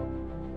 Thank you.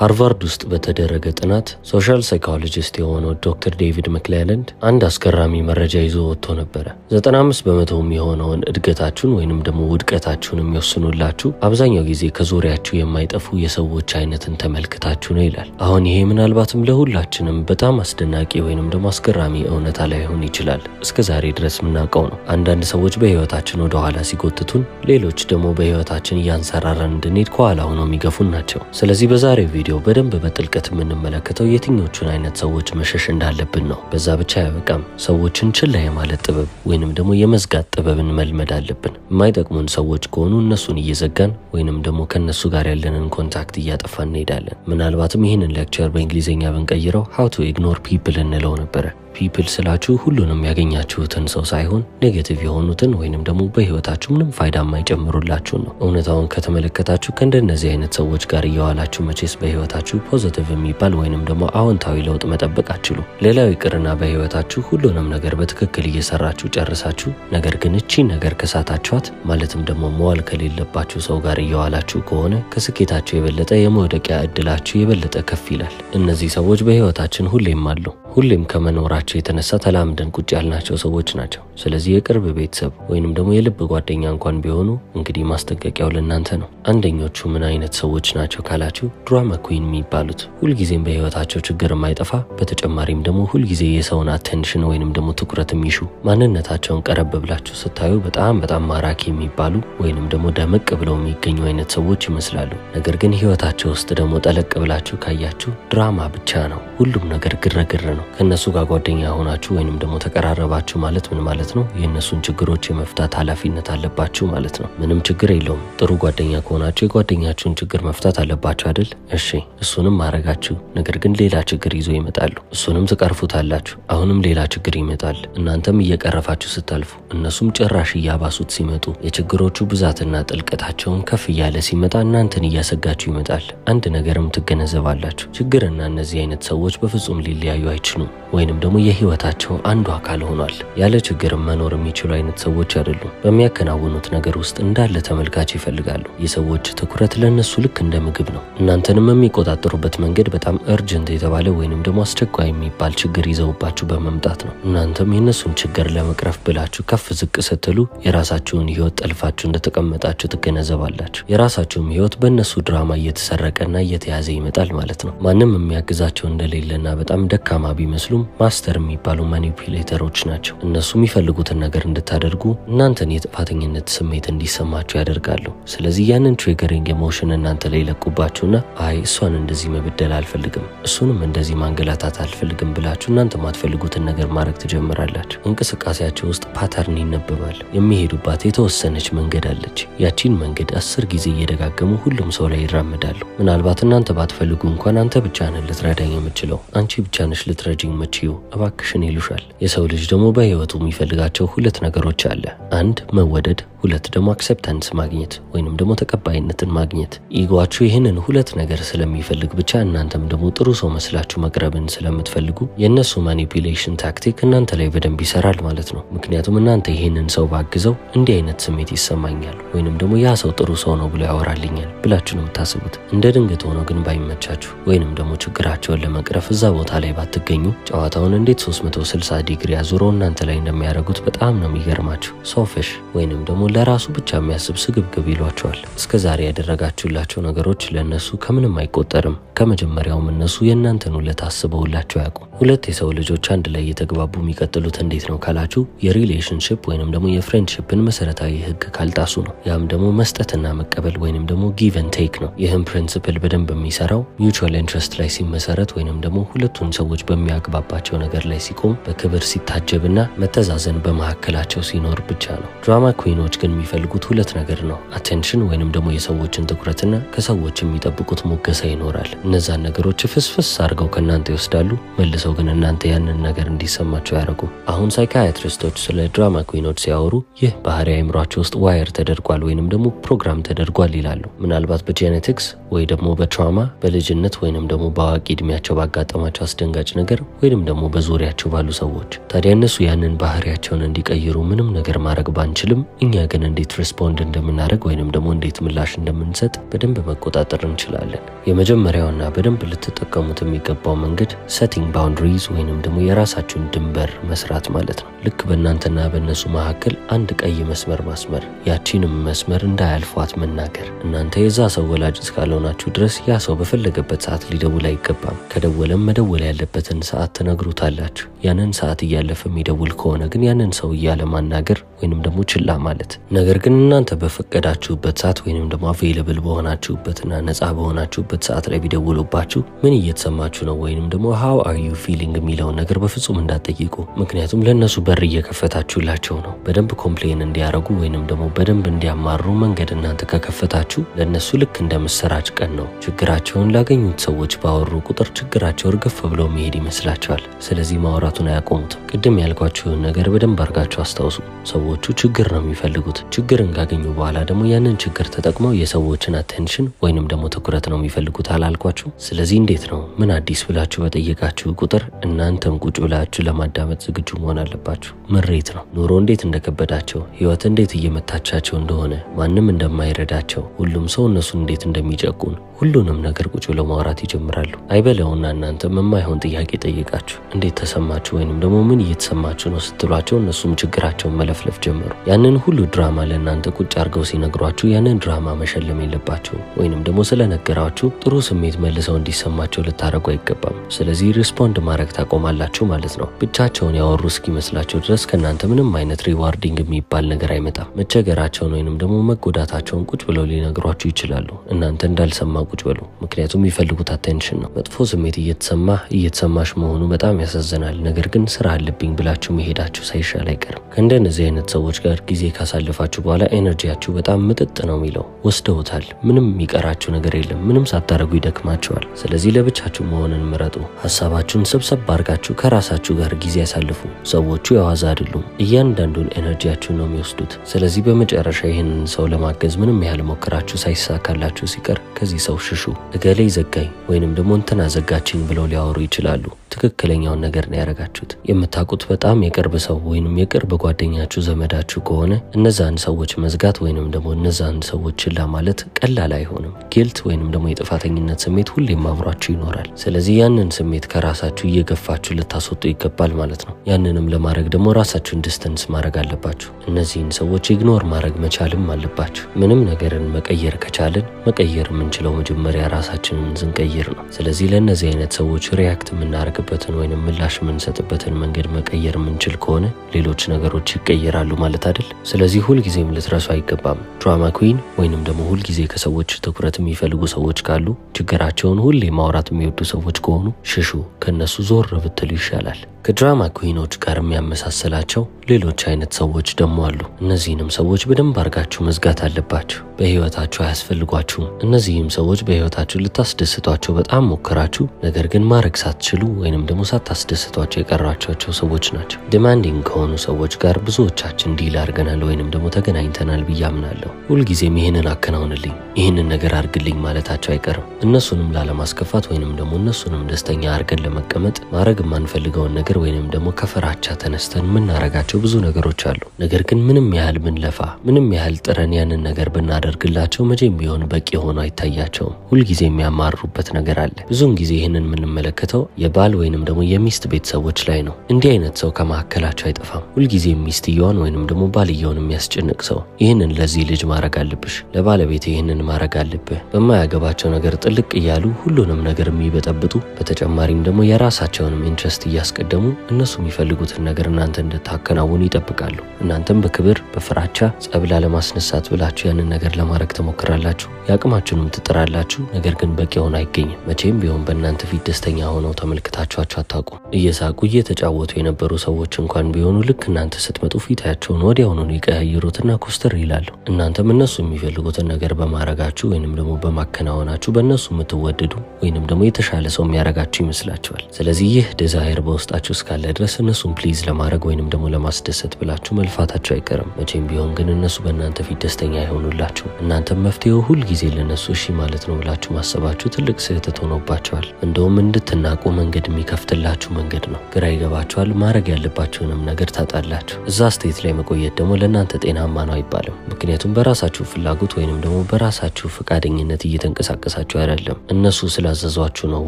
ሃርቫርድ ውስጥ በተደረገ ጥናት ሶሻል ሳይኮሎጂስት የሆነው ዶክተር ዴቪድ መክሌላንድ አንድ አስገራሚ መረጃ ይዞ ወጥቶ ነበረ። 95 በመቶ የሆነውን እድገታችሁን ወይንም ደግሞ ውድቀታችሁን የሚወስኑላችሁ አብዛኛው ጊዜ ከዙሪያችሁ የማይጠፉ የሰዎች አይነትን ተመልክታችሁ ነው ይላል። አሁን ይሄ ምናልባትም ለሁላችንም በጣም አስደናቂ ወይንም ደግሞ አስገራሚ እውነታ ላይሆን ይችላል። እስከ ዛሬ ድረስ የምናውቀው ነው። አንዳንድ ሰዎች በህይወታችን ወደኋላ ሲጎትቱን፣ ሌሎች ደግሞ በህይወታችን እያንሰራረን እንድንሄድ ከኋላ ሆነው የሚገፉን ናቸው። ስለዚህ በዛሬው ቪዲዮ በደንብ በጥልቀት የምንመለከተው የትኞቹን አይነት ሰዎች መሸሽ እንዳለብን ነው። በዛ ብቻ አያበቃም። ሰዎችን ችላ የማለት ጥበብ ወይንም ደግሞ የመዝጋት ጥበብን መልመድ አለብን። የማይጠቅሙን ሰዎች ከሆኑ እነሱን እየዘጋን ወይንም ደግሞ ከነሱ ጋር ያለንን ኮንታክት እያጠፋ እንሄዳለን። ምናልባትም ይህንን ሌክቸር በእንግሊዝኛ ብንቀይረው ሀው ቱ ኢግኖር ፒፕል እንለው ነበረ። ፒፕል ስላችሁ ሁሉንም ያገኛችሁትን ሰው ሳይሆን ኔጌቲቭ የሆኑትን ወይንም ደግሞ በህይወታችሁ ምንም ፋይዳ የማይጨምሩላችሁ ነው። እውነታውን ከተመለከታችሁ ከእንደነዚህ አይነት ሰዎች ጋር እየዋላችሁ መቼስ በህይወታችሁ ፖዘቲቭ የሚባል ወይንም ደግሞ አዎንታዊ ለውጥ መጠበቅ አችሉ። ሌላው ይቅርና በህይወታችሁ ሁሉንም ነገር በትክክል እየሰራችሁ ጨርሳችሁ፣ ነገር ግን እቺ ነገር ከሳታችኋት ማለትም ደግሞ መዋል ከሌለባችሁ ሰው ጋር እየዋላችሁ ከሆነ ከስኬታችሁ የበለጠ የመውደቂያ እድላችሁ የበለጠ ከፍ ይላል። እነዚህ ሰዎች በህይወታችን ሁሌም አሉ። ሁሌም ከመኖራቸው የተነሳ ተላምደን ቁጭ ያልናቸው ሰዎች ናቸው። ስለዚህ የቅርብ ቤተሰብ ወይንም ደግሞ የልብ ጓደኛ እንኳን ቢሆኑ እንግዲህ ማስጠንቀቂያው ለእናንተ ነው። አንደኞቹ ምን አይነት ሰዎች ናቸው ካላችሁ ድራማ ኩዊን የሚባሉት ሁልጊዜም በህይወታቸው ችግር የማይጠፋ በተጨማሪም ደግሞ ሁልጊዜ የሰውን አቴንሽን ወይንም ደግሞ ትኩረት የሚሹ ማንነታቸውን ቀረብ ብላችሁ ስታዩ በጣም በጣም ማራኪ የሚባሉ ወይንም ደግሞ ደመቅ ብለው የሚገኙ አይነት ሰዎች ይመስላሉ። ነገር ግን ህይወታቸው ውስጥ ደግሞ ጠለቅ ብላችሁ ካያችሁ ድራማ ብቻ ነው። ሁሉም ነገር ግረግር ነው። ነው። ከእነሱ ጋር ጓደኛ ሆናችሁ ወይንም ደግሞ ተቀራረባችሁ ማለት ምን ማለት ነው? የእነሱን ችግሮች የመፍታት ኃላፊነት አለባችሁ ማለት ነው። ምንም ችግር የለውም። ጥሩ ጓደኛ ከሆናችሁ የጓደኛችሁን ችግር መፍታት አለባችሁ አይደል? እሺ፣ እሱንም ማድረጋችሁ። ነገር ግን ሌላ ችግር ይዞ ይመጣሉ። እሱንም ትቀርፉታላችሁ። አሁንም ሌላ ችግር ይመጣል። እናንተም እየቀረፋችሁ ስታልፉ፣ እነሱም ጭራሽ እያባሱት ሲመጡ የችግሮቹ ብዛትና ጥልቀታቸውን ከፍ እያለ ሲመጣ እናንተን እያሰጋችሁ ይመጣል። አንድ ነገርም ትገነዘባላችሁ። ችግርና እነዚህ አይነት ሰዎች በፍጹም ሊለያዩ አይችሉም። አይችሉም ወይንም ደግሞ የህይወታቸው አንዱ አካል ሆኗል። ያለ ችግርም መኖር የሚችሉ አይነት ሰዎች አይደሉም። በሚያከናውኑት ነገር ውስጥ እንዳለ ተመልካች ይፈልጋሉ። የሰዎች ትኩረት ለእነሱ ልክ እንደ ምግብ ነው። እናንተንም የሚቆጣጠሩበት መንገድ በጣም እርጀንት የተባለ ወይንም ደግሞ አስቸኳይ የሚባል ችግር ይዘውባችሁ በመምጣት ነው። እናንተም የእነሱን ችግር ለመቅረፍ ብላችሁ ከፍ ዝቅ ስትሉ የራሳችሁን ህይወት ጠልፋችሁ እንደተቀመጣችሁ ትገነዘባላችሁ። የራሳችሁም ህይወት በእነሱ ድራማ እየተሰረቀና እየተያዘ ይመጣል ማለት ነው። ማንም የሚያግዛቸው እንደሌለና በጣም ደካማ ቢመስሉም ማስተር የሚባሉ ማኒፑሌተሮች ናቸው። እነሱ የሚፈልጉትን ነገር እንድታደርጉ እናንተን የጥፋተኝነት ስሜት እንዲሰማችሁ ያደርጋሉ። ስለዚህ ያንን ትሪገሪንግ ኤሞሽን እናንተ ላይ ይለቁባችሁና አይ እሷን እንደዚህ መበደል አልፈልግም፣ እሱንም እንደዚህ ማንገላታት አልፈልግም ብላችሁ እናንተ ማትፈልጉትን ነገር ማድረግ ትጀምራላችሁ። እንቅስቃሴያቸው ውስጥ ፓተርን ይነበባል። የሚሄዱባት የተወሰነች መንገድ አለች። ያቺን መንገድ አስር ጊዜ እየደጋገሙ ሁሉም ሰው ላይ ይራምዳሉ። ምናልባት እናንተ ባትፈልጉ እንኳን አንተ ብቻ ነህ ልትረዳኝ የምችለው፣ አንቺ ብቻ ነሽ ልትረ ልትረጅኝ መችው እባክሽን ይሉሻል። የሰው ልጅ ደግሞ በህይወቱ የሚፈልጋቸው ሁለት ነገሮች አለ። አንድ መወደድ፣ ሁለት ደግሞ አክሰፕታንስ ማግኘት ወይንም ደግሞ ተቀባይነትን ማግኘት። ኢጓችሁ ይህንን ሁለት ነገር ስለሚፈልግ ብቻ እናንተም ደግሞ ጥሩ ሰው መስላችሁ መቅረብን ስለምትፈልጉ የእነሱ ማኒፕሌሽን ታክቲክ እናንተ ላይ በደንብ ይሰራል ማለት ነው። ምክንያቱም እናንተ ይህንን ሰው ባግዘው እንዲህ አይነት ስሜት ይሰማኛል ወይንም ደግሞ ያ ሰው ጥሩ ሰው ነው ብሎ ያወራልኛል ብላችሁ ነው የምታስቡት። እንደ ድንገት ሆኖ ግን ባይመቻችሁ ወይንም ደግሞ ችግራቸውን ለመቅረፍ እዛ ቦታ ላይ ባትገኙ ጨዋታውን እንዴት 360 ዲግሪ አዙረው እናንተ ላይ እንደሚያደርጉት በጣም ነው የሚገርማችሁ። ሶፍሽ ወይንም ደግሞ ለራሱ ብቻ የሚያስብ ስግብግብ ይሏቸዋል። እስከ ዛሬ ያደረጋችሁላቸው ነገሮች ለእነሱ ከምንም አይቆጠርም። ከመጀመሪያውም እነሱ የእናንተን ውለታ አስበውላቸው ያውቁ። ሁለት የሰው ልጆች አንድ ላይ እየተግባቡ የሚቀጥሉት እንዴት ነው ካላችሁ የሪሌሽንሽፕ ወይንም ደግሞ የፍሬንድሽፕን መሰረታዊ ህግ ካልጣሱ ነው። ያም ደግሞ መስጠትና መቀበል ወይንም ደግሞ ጊቨን ቴክ ነው። ይህም ፕሪንስፕል በደንብ የሚሰራው ሚውቹዋል ኢንትረስት ላይ ሲመሰረት ወይንም ደግሞ ሁለቱን ሰዎች በሚያግባባቸው ነገር ላይ ሲቆም በክብር ሲታጀብና መተዛዘን በመካከላቸው ሲኖር ብቻ ነው። ድራማ ኩዊኖች ግን የሚፈልጉት ሁለት ነገር ነው፣ አቴንሽን ወይንም ደግሞ የሰዎችን ትኩረትና ከሰዎች የሚጠብቁት ሙገሳ ይኖራል። እነዛን ነገሮች ፍስፍስ አድርገው ከእናንተ ይወስዳሉ፣ መልሰው ግን እናንተ ያንን ነገር እንዲሰማቸው ያደርጉ። አሁን ሳይካያትሪስቶች ስለ ድራማ ኩዊኖች ሲያወሩ ይህ ባህሪ አይምሯቸው ውስጥ ዋየር ተደርጓል ወይንም ደግሞ ፕሮግራም ተደርጓል ይላሉ። ምናልባት በጄኔቲክስ ወይ ደግሞ በትራማ በልጅነት ወይንም ደግሞ በአዋቂ እድሜያቸው ባጋጠማቸው አስደንጋጭ ነገር ወይንም ደግሞ በዙሪያቸው ባሉ ሰዎች። ታዲያ እነሱ ያንን ባህሪያቸውን እንዲቀይሩ ምንም ነገር ማድረግ ባንችልም እኛ ግን እንዴት ሪስፖንድ እንደምናደርግ ወይንም ደግሞ እንዴት ምላሽ እንደምንሰጥ በደንብ መቆጣጠር እንችላለን። የመጀመሪያውና በደንብ ልትጠቀሙት የሚገባው መንገድ ሰቲንግ ባውንድሪዝ ወይንም ደግሞ የራሳችሁን ድንበር መስራት ማለት ነው። ልክ በእናንተና በእነሱ መካከል አንድ ቀይ መስመር ማስመር፣ ያቺንም መስመር እንዳያልፏት መናገር። እናንተ የዛ ሰው ወላጅ እስካልሆናችሁ ድረስ ያ ሰው በፈለገበት ሰዓት ሊደውል አይገባም። ከደወለም መደወል ያለበትን ሰዓት ትነግሩታላችሁ። ያንን ሰዓት እያለፈ የሚደውል ከሆነ ግን ያንን ሰው እያለ ማናገር ወይንም ደግሞ ችላ ማለት ነገር ግን እናንተ በፈቀዳችሁበት ሰዓት ወይንም ደግሞ አቬይለብል በሆናችሁበትና ነፃ በሆናችሁበት ሰዓት ላይ ቢደውሉባችሁ ምን እየተሰማችሁ ነው ወይንም ደግሞ ሀው አር ዩ ፊሊንግ የሚለውን ነገር በፍጹም እንዳትጠይቁ። ምክንያቱም ለእነሱ በር እየከፈታችሁላቸው ነው። በደንብ ኮምፕሌን እንዲያደርጉ ወይንም ደግሞ በደንብ እንዲያማሩ መንገድ እናንተ ከከፈታችሁ ለእነሱ ልክ እንደ ምሥራች ቀን ነው። ችግራቸውን ላገኙት ሰዎች ባወሩ ቁጥር ችግራቸው እርግፍ ብለው መሄድ ይመስላቸዋል። ስለዚህ ማውራቱን አያቆሙትም። ቅድም ያልኳችሁን ነገር በደንብ አርጋችሁ አስታውሱ። ሰዎቹ ችግር ነው የሚፈልጉት የሚያደርጉት። ችግርን ካገኙ በኋላ ደግሞ ያንን ችግር ተጠቅመው የሰዎችን አቴንሽን ወይንም ደግሞ ትኩረት ነው የሚፈልጉት አላልኳችሁ? ስለዚህ እንዴት ነው ምን አዲስ ብላችሁ በጠየቃችሁ ቁጥር እናንተም ቁጭ ብላችሁ ለማዳመጥ ዝግጁ መሆን አለባችሁ። ምሬት ነው ኑሮ እንዴት እንደከበዳቸው፣ ህይወት እንዴት እየመታቻቸው እንደሆነ፣ ማንም እንደማይረዳቸው፣ ሁሉም ሰው እነሱን እንዴት እንደሚጨቁን ሁሉንም ነገር ቁጭ ብለው ማውራት ይጀምራሉ። አይበለውና እናንተም የማይሆን ጥያቄ ጠይቃችሁ እንዴት ተሰማችሁ ወይንም ደግሞ ምን እየተሰማችሁ ነው ስትሏቸው እነሱም ችግራቸውን መለፍለፍ ጀመሩ። ያንን ሁሉ ድራማ ለእናንተ ቁጭ አድርገው ሲነግሯችሁ ያንን ድራማ መሸለም የለባችሁ ወይንም ደግሞ ስለነገራችሁ ጥሩ ስሜት መልሰው እንዲሰማቸው ልታደረጉ አይገባም። ስለዚህ ሪስፖንድ ማድረግ ታቆማላችሁ ማለት ነው። ብቻቸውን ያወሩ እስኪመስላቸው ድረስ ከእናንተ ምንም አይነት ሪዋርዲንግ የሚባል ነገር አይመጣም። መቸገራቸውን ወይንም ደግሞ መጎዳታቸውን ቁጭ ብለው ሊነግሯችሁ ይችላሉ። እናንተ እንዳልሰማ ቁጭ በሉ። ምክንያቱም የሚፈልጉት አቴንሽን ነው። መጥፎ ስሜት እየተሰማ እየተሰማሽ መሆኑ በጣም ያሳዝናል። ነገር ግን ስራ አለብኝ ብላችሁ መሄዳችሁ ሳይሻል አይቀርም። ከእንደነዚህ አይነት ሰዎች ጋር ጊዜ ካሳ ካሳለፋችሁ በኋላ ኤነርጂያችሁ በጣም ምጥጥ ነው የሚለው። ወስደውታል። ምንም የሚቀራችሁ ነገር የለም። ምንም ሳታደርጉ ይደክማችኋል። ስለዚህ ለብቻችሁ መሆንን ምረጡ። ሀሳባችሁን ሰብሰብ አድርጋችሁ ከራሳችሁ ጋር ጊዜ ያሳልፉ። ሰዎቹ የዋዛ አይደሉም። እያንዳንዱን ኤነርጂያችሁ ነው የሚወስዱት። ስለዚህ በመጨረሻ ይህንን ሰው ለማገዝ ምንም ያህል ሞክራችሁ ሳይሳካላችሁ ሲቀር ከዚህ ሰው ሽሹ። እገሌ ዘጋኝ ወይንም ደግሞ እንትና ዘጋችኝ ብለው ሊያወሩ ይችላሉ። ትክክለኛውን ነገር ነው ያደረጋችሁት። የምታውቁት በጣም የቅርብ ሰው ወይንም የቅርብ ጓደኛችሁ ዘመዳችሁ ከሆነ እነዛን ሰዎች መዝጋት ወይንም ደግሞ እነዛን ሰዎች ችላ ማለት ቀላል አይሆንም። ጊልት ወይንም ደግሞ የጥፋተኝነት ስሜት ሁሌም አብሯችሁ ይኖራል። ስለዚህ ያንን ስሜት ከራሳችሁ እየገፋችሁ ልታስወጡ ይገባል ማለት ነው። ያንንም ለማድረግ ደግሞ ራሳችሁን ዲስተንስ ማድረግ አለባችሁ። እነዚህን ሰዎች ኢግኖር ማድረግ መቻልም አለባችሁ። ምንም ነገርን መቀየር ከቻልን መቀየርም የምንችለው መጀመሪያ ራሳችንን ስንቀይር ነው። ስለዚህ ለእነዚህ አይነት ሰዎች ሪያክት የምናደርግበትን ወይም ምላሽ የምንሰጥበትን መንገድ መቀየር የምንችል ከሆነ ሌሎች ነገሮች ይቀየራሉ ማለት አይደል? ስለዚህ ሁልጊዜም ልትረሱ አይገባም። ድራማ ኩዊን ወይንም ደግሞ ሁልጊዜ ከሰዎች ትኩረት የሚፈልጉ ሰዎች ካሉ፣ ችግራቸውን ሁሌ ማውራት የሚወዱ ሰዎች ከሆኑ ሽሹ፣ ከእነሱ ዞር ብትሉ ይሻላል። ከድራማ ኩዊኖች ጋር የሚያመሳስላቸው ሌሎች አይነት ሰዎች ደግሞ አሉ። እነዚህንም ሰዎች በደንብ አድርጋችሁ መዝጋት አለባችሁ። በህይወታችሁ አያስፈልጓችሁም። እነዚህ እነዚህም ሰዎች በህይወታችሁ ልታስደስቷቸው በጣም ሞከራችሁ፣ ነገር ግን ማድረግ ሳትችሉ ወይንም ደግሞ ሳታስደስቷቸው የቀራቸቸው ሰዎች ናቸው። ዲማንዲንግ ከሆኑ ሰዎች ጋር ብዙዎቻችን ዲል አድርገናል ወይንም ደግሞ ተገናኝተናል ብያምናለሁ ሁልጊዜም ይህንን አከናውንልኝ፣ ይህንን ነገር አድርግልኝ ማለታቸው አይቀርም። እነሱንም ላለማስከፋት ወይንም ደግሞ እነሱንም ደስተኛ አርገን ለመቀመጥ ማድረግ የማንፈልገውን ነገር ወይንም ደግሞ ከፈራቻ ተነስተን የምናረጋቸው ብዙ ነገሮች አሉ። ነገር ግን ምንም ያህል ብንለፋ፣ ምንም ያህል ጥረን ያንን ነገር ብናደርግላቸው መቼም ቢሆን በቂ ሆኖ አይታ አይታያቸውም። ሁልጊዜ የሚያማርሩበት ነገር አለ። ብዙውን ጊዜ ይህንን የምንመለከተው የባል ወይንም ደግሞ የሚስት ቤተሰቦች ላይ ነው። እንዲህ አይነት ሰው ከመካከላቸው አይጠፋም። ሁልጊዜ ሚስትየዋን ወይንም ደግሞ ባልየውን የሚያስጨንቅ ሰው ይህንን ለዚህ ልጅ ማድረግ አለብሽ፣ ለባለቤት ይህንን ማድረግ አለብህ፣ በማያገባቸው ነገር ጥልቅ እያሉ ሁሉንም ነገር የሚበጠብጡ በተጨማሪም ደግሞ የራሳቸውንም ኢንትረስት እያስቀደሙ እነሱ የሚፈልጉትን ነገር እናንተ እንድታከናውኑ ይጠብቃሉ። እናንተም በክብር በፍራቻ ጸብላ ለማስነሳት ብላችሁ ያንን ነገር ለማድረግ ትሞክራላችሁ። የአቅማችሁንም ትጥራላችሁ፣ ነገር ግን በቂ ሆኖ አይገኝም። መቼም ቢሆን በእናንተ ፊት ደስተኛ ሆነው ተመልክታችኋቸው አታውቁም። እየሳቁ እየተጫወቱ የነበሩ ሰዎች እንኳን ቢሆኑ ልክ እናንተ ስትመጡ ፊታቸውን ወዲያውኑ ይቀያይሩትና ኮስተር ይላሉ። እናንተም እነሱ የሚፈልጉትን ነገር በማረጋችሁ ወይንም ደግሞ በማከናወናችሁ በእነሱ የምትወደዱ ወይንም ደግሞ የተሻለ ሰው የሚያረጋችሁ ይመስላችኋል። ስለዚህ ይህ ዲዛይር በውስጣችሁ እስካለ ድረስ እነሱን ፕሊዝ ለማድረግ ወይንም ደግሞ ለማስደሰት ብላችሁ መልፋታቸው አይቀርም። መቼም ቢሆን ግን እነሱ በእናንተ ፊት ደስተኛ አይሆኑላችሁ። እናንተም መፍትሄው ሁልጊዜ ለነሱ ሺ ማለት ነው ብላችሁ ማሰባችሁ ትልቅ ስህተት ሆኖባቸዋል። እንደውም እንድትናቁ መንገድ የሚከፍትላችሁ መንገድ ነው። ግራ ይገባችኋል። ማድረግ ያለባችሁንም ነገር ታጣላችሁ። እዛ ስቴት ላይ መቆየት ደግሞ ለእናንተ ጤናማ ነው አይባልም። ምክንያቱም በራሳችሁ ፍላጎት ወይንም ደግሞ በራሳችሁ ፈቃደኝነት እየተንቀሳቀሳችሁ አይደለም። እነሱ ስላዘዟችሁ ነው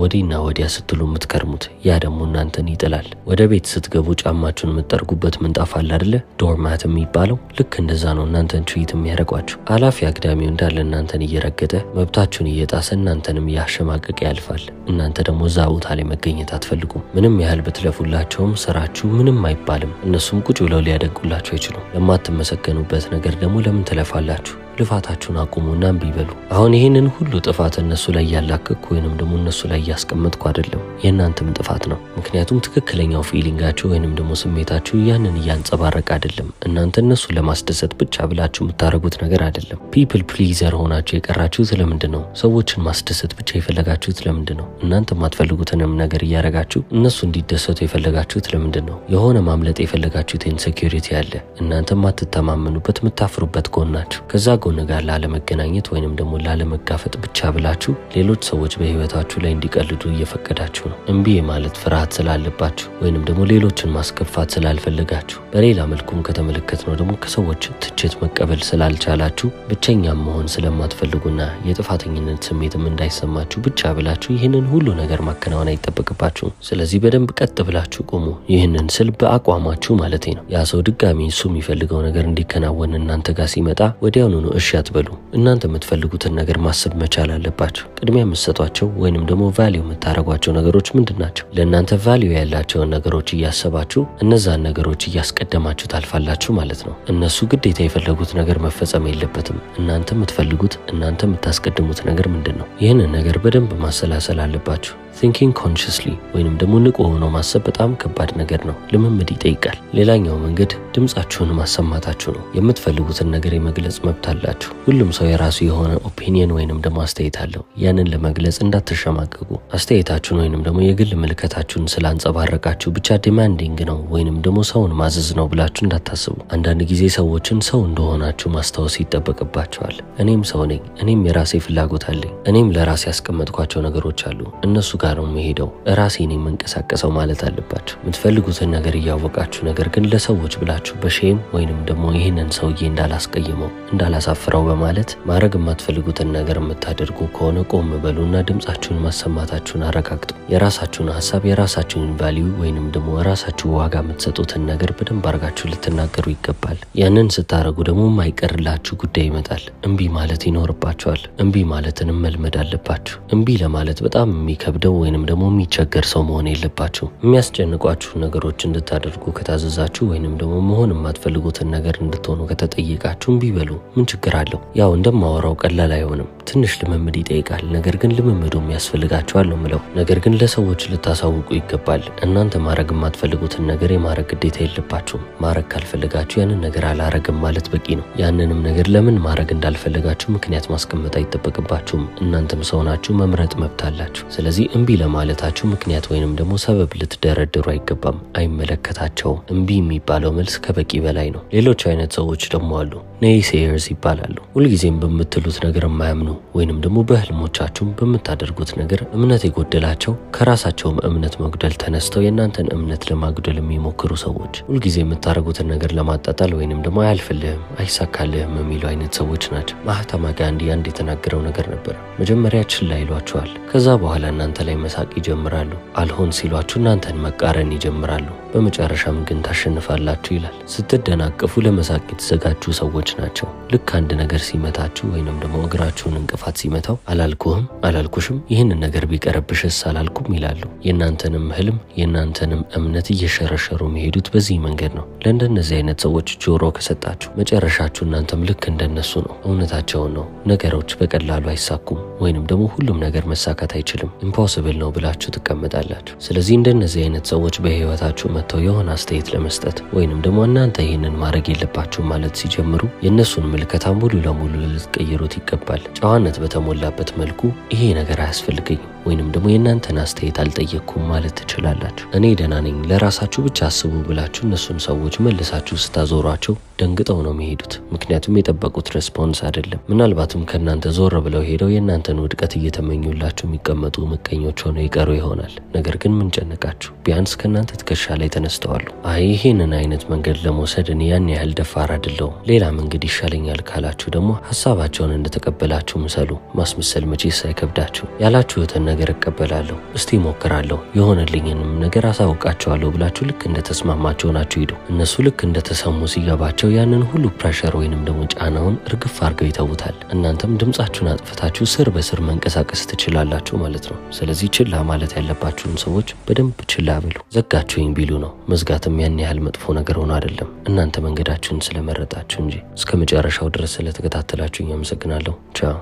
ወዲህና ወዲያ ስትሉ የምትከርሙት። ያ ደግሞ እናንተን ይጥላል። ወደ ቤት ስትገቡ ጫማችሁን የምትጠርጉበት ምንጣፍ አለ አደለ? ዶርማት የሚባለው ልክ እንደዛ ነው። እናንተን ትዊት የሚያደርጓችሁ አላፊ አግዳሚው እንዳለ እናንተን እየረገጠ መብታችሁን እየጣሰ እናንተንም እያሸማቀቀ ያልፋል። እናንተ ደግሞ እዛ ቦታ ላይ መገኘት አትፈልጉም። ምንም ያህል ብትለፉላቸውም ስራችሁ ምንም አይባልም። እነሱም ቁጭ ብለው ሊያደንቁላችሁ አይችሉም። ለማትመሰገኑበት ነገር ደግሞ ለምን ትለፋላችሁ? ልፋታችሁን አቁሙና እምቢ በሉ። አሁን ይህንን ሁሉ ጥፋት እነሱ ላይ ያላክኩ ወይንም ደግሞ እነሱ ላይ እያስቀመጥኩ አይደለም፣ የእናንተም ጥፋት ነው። ምክንያቱም ትክክለኛው ፊሊንጋችሁ ወይንም ደግሞ ስሜታችሁ ያንን እያንጸባረቅ አይደለም። እናንተ እነሱ ለማስደሰት ብቻ ብላችሁ የምታደርጉት ነገር አይደለም። ፒፕል ፕሊዘር ሆናችሁ የቀራችሁት ለምንድን ነው? ሰዎችን ማስደሰት ብቻ የፈለጋችሁት ለምንድን ነው? እናንተ የማትፈልጉትንም ነገር እያደረጋችሁ እነሱ እንዲደሰቱ የፈለጋችሁት ለምንድን ነው? የሆነ ማምለጥ የፈለጋችሁት ኢንሴኪሪቲ አለ። እናንተ የማትተማመኑበት የምታፍሩበት ጎን ናቸው። ከዛ ከጎን ጋር ላለመገናኘት ወይንም ደግሞ ላለመጋፈጥ ብቻ ብላችሁ ሌሎች ሰዎች በህይወታችሁ ላይ እንዲቀልዱ እየፈቀዳችሁ ነው። እምቢ ማለት ፍርሃት ስላለባችሁ ወይንም ደግሞ ሌሎችን ማስከፋት ስላልፈለጋችሁ፣ በሌላ መልኩም ከተመለከትነው ደግሞ ከሰዎች ትችት መቀበል ስላልቻላችሁ፣ ብቸኛም መሆን ስለማትፈልጉና የጥፋተኝነት ስሜትም እንዳይሰማችሁ ብቻ ብላችሁ ይህንን ሁሉ ነገር ማከናወን አይጠበቅባችሁም። ስለዚህ በደንብ ቀጥ ብላችሁ ቁሙ። ይህንን ስል በአቋማችሁ ማለት ነው። ያ ሰው ድጋሚ እሱ የሚፈልገው ነገር እንዲከናወን እናንተ ጋር ሲመጣ ወዲያውኑ እሺ አትበሉ። እናንተ የምትፈልጉትን ነገር ማሰብ መቻል አለባቸው። ቅድሚያ የምትሰጧቸው ወይንም ደግሞ ቫሊዩ የምታደረጓቸው ነገሮች ምንድን ናቸው? ለእናንተ ቫሊዩ ያላቸውን ነገሮች እያሰባችሁ እነዛን ነገሮች እያስቀደማችሁ ታልፋላችሁ ማለት ነው። እነሱ ግዴታ የፈለጉት ነገር መፈጸም የለበትም። እናንተ የምትፈልጉት እናንተ የምታስቀድሙት ነገር ምንድን ነው? ይህንን ነገር በደንብ ማሰላሰል አለባችሁ። ቲንኪንግ ኮንሽስሊ ወይንም ደግሞ ንቁ ሆኖ ማሰብ በጣም ከባድ ነገር ነው። ልምምድ ይጠይቃል። ሌላኛው መንገድ ድምፃችሁን ማሰማታችሁ ነው። የምትፈልጉትን ነገር የመግለጽ መብት አለ ትችላላችሁ። ሁሉም ሰው የራሱ የሆነ ኦፒኒየን ወይንም ደግሞ አስተያየት አለው። ያንን ለመግለጽ እንዳትሸማቀቁ። አስተያየታችሁን ወይንም ደግሞ የግል ምልከታችሁን ስላንጸባረቃችሁ ብቻ ዲማንዲንግ ነው ወይንም ደግሞ ሰውን ማዘዝ ነው ብላችሁ እንዳታስቡ። አንዳንድ ጊዜ ሰዎችን ሰው እንደሆናችሁ ማስታወስ ይጠበቅባቸዋል። እኔም ሰው ነኝ። እኔም የራሴ ፍላጎት አለኝ። እኔም ለራሴ ያስቀመጥኳቸው ነገሮች አሉ። እነሱ ጋር ነው የምሄደው። ራሴ የምንቀሳቀሰው ማለት አለባቸው። የምትፈልጉትን ነገር እያወቃችሁ ነገር ግን ለሰዎች ብላችሁ በሼም ወይንም ደግሞ ይህንን ሰውዬ እንዳላስቀይመው እንዳላሳ የምታሳፍረው በማለት ማድረግ የማትፈልጉትን ነገር የምታደርጉ ከሆነ ቆም በሉና ድምፃችሁን ማሰማታችሁን አረጋግጡ። የራሳችሁን ሀሳብ፣ የራሳችሁን ቫሊዩ ወይንም ደግሞ ራሳችሁ ዋጋ የምትሰጡትን ነገር በደንብ አርጋችሁ ልትናገሩ ይገባል። ያንን ስታደርጉ ደግሞ የማይቀርላችሁ ጉዳይ ይመጣል። እምቢ ማለት ይኖርባችኋል። እምቢ ማለትንም መልመድ አለባችሁ። እምቢ ለማለት በጣም የሚከብደው ወይንም ደግሞ የሚቸገር ሰው መሆን የለባችሁ። የሚያስጨንቋችሁ ነገሮች እንድታደርጉ ከታዘዛችሁ ወይንም ደግሞ መሆን የማትፈልጉትን ነገር እንድትሆኑ ከተጠየቃችሁ እምቢ በሉ። ምን እቸግራለሁ። ያው እንደማወራው ቀላል አይሆንም፣ ትንሽ ልምምድ ይጠይቃል። ነገር ግን ልምምዱም ያስፈልጋቸዋል ነው ምለው። ነገር ግን ለሰዎች ልታሳውቁ ይገባል። እናንተ ማድረግ የማትፈልጉትን ነገር የማድረግ ግዴታ የለባችሁም። ማድረግ ካልፈልጋችሁ ያንን ነገር አላረግም ማለት በቂ ነው። ያንንም ነገር ለምን ማድረግ እንዳልፈልጋችሁ ምክንያት ማስቀመጥ አይጠበቅባችሁም። እናንተም ሰው ናችሁ፣ መምረጥ መብት አላችሁ። ስለዚህ እምቢ ለማለታችሁ ምክንያት ወይንም ደግሞ ሰበብ ልትደረድሩ አይገባም። አይመለከታቸውም። እምቢ የሚባለው መልስ ከበቂ በላይ ነው። ሌሎች አይነት ሰዎች ደግሞ አሉ። ኔይሴየርስ ይባላል ይባላሉ። ሁልጊዜም በምትሉት ነገር የማያምኑ ወይንም ደግሞ በህልሞቻችሁም በምታደርጉት ነገር እምነት የጎደላቸው ከራሳቸውም እምነት መጉደል ተነስተው የእናንተን እምነት ለማጉደል የሚሞክሩ ሰዎች ሁልጊዜ የምታደርጉትን ነገር ለማጣጣል ወይንም ደግሞ አያልፍልህም፣ አይሳካልህም የሚሉ አይነት ሰዎች ናቸው። ማህተማ ጋንዲ አንድ የተናገረው ነገር ነበር። መጀመሪያ ችላ ይሏችኋል። ከዛ በኋላ እናንተ ላይ መሳቅ ይጀምራሉ። አልሆን ሲሏችሁ እናንተን መቃረን ይጀምራሉ። በመጨረሻም ግን ታሸንፋላችሁ ይላል። ስትደናቀፉ ለመሳቅ የተዘጋጁ ሰዎች ናቸው። ልክ አንድ ነገር ሲመታችሁ ወይንም ደግሞ እግራችሁን እንቅፋት ሲመታው አላልኩህም፣ አላልኩሽም፣ ይህንን ነገር ቢቀረብሽስ አላልኩም ይላሉ። የእናንተንም ህልም የእናንተንም እምነት እየሸረሸሩ የሚሄዱት በዚህ መንገድ ነው። ለእንደነዚህ አይነት ሰዎች ጆሮ ከሰጣችሁ መጨረሻችሁ እናንተም ልክ እንደነሱ ነው። እውነታቸውን ነው። ነገሮች በቀላሉ አይሳኩም፣ ወይንም ደግሞ ሁሉም ነገር መሳካት አይችልም፣ ኢምፖስብል ነው ብላችሁ ትቀመጣላችሁ። ስለዚህ እንደነዚህ አይነት ሰዎች በህይወታችሁ መጥተው የሆነ አስተያየት ለመስጠት ወይንም ደግሞ እናንተ ይህንን ማድረግ የለባችሁ ማለት ሲጀምሩ የእነሱን ምልከታ ሙሉ ለሙሉ ልትቀይሩት ይገባል። ጨዋነት በተሞላበት መልኩ ይሄ ነገር አያስፈልገኝም ወይንም ደግሞ የእናንተን አስተያየት አልጠየቅኩም ማለት ትችላላችሁ። እኔ ደህና ነኝ፣ ለራሳችሁ ብቻ አስቡ ብላችሁ እነሱን ሰዎች መልሳችሁ ስታዞሯቸው ደንግጠው ነው የሚሄዱት። ምክንያቱም የጠበቁት ሬስፖንስ አይደለም። ምናልባትም ከእናንተ ዞር ብለው ሄደው የእናንተን ውድቀት እየተመኙላችሁ የሚቀመጡ ምቀኞች ሆነው ይቀሩ ይሆናል። ነገር ግን ምን ጨነቃችሁ? ቢያንስ ከእናንተ ትከሻ ላይ ተነስተዋሉ። አይ ይህንን አይነት መንገድ ለመውሰድ እኔ ያን ያህል ደፋር አይደለሁም፣ ሌላ መንገድ ይሻለኛል ካላችሁ ደግሞ ሀሳባቸውን እንደተቀበላችሁ ምሰሉ። ማስመሰል መቼ ሳይከብዳችሁ ያላችሁትን ነገር እቀበላለሁ፣ እስቲ ሞክራለሁ የሆነልኝንም ነገር አሳውቃቸዋለሁ ብላችሁ ልክ እንደተስማማቸው ናቸው ሂዱ። እነሱ ልክ እንደተሰሙ ሲገባቸው ያንን ሁሉ ፕሬሸር ወይንም ደግሞ ጫናውን እርግፍ አድርገው ይተውታል። እናንተም ድምፃችሁን አጥፍታችሁ ስር በስር መንቀሳቀስ ትችላላችሁ ማለት ነው። ስለዚህ ችላ ማለት ያለባችሁን ሰዎች በደንብ ችላ ብሉ። ዘጋችሁኝ ቢሉ ነው መዝጋትም ያን ያህል መጥፎ ነገር ሆኖ አይደለም፣ እናንተ መንገዳችሁን ስለመረጣችሁ እንጂ። እስከ መጨረሻው ድረስ ስለተከታተላችሁኝ አመሰግናለሁ። ቻው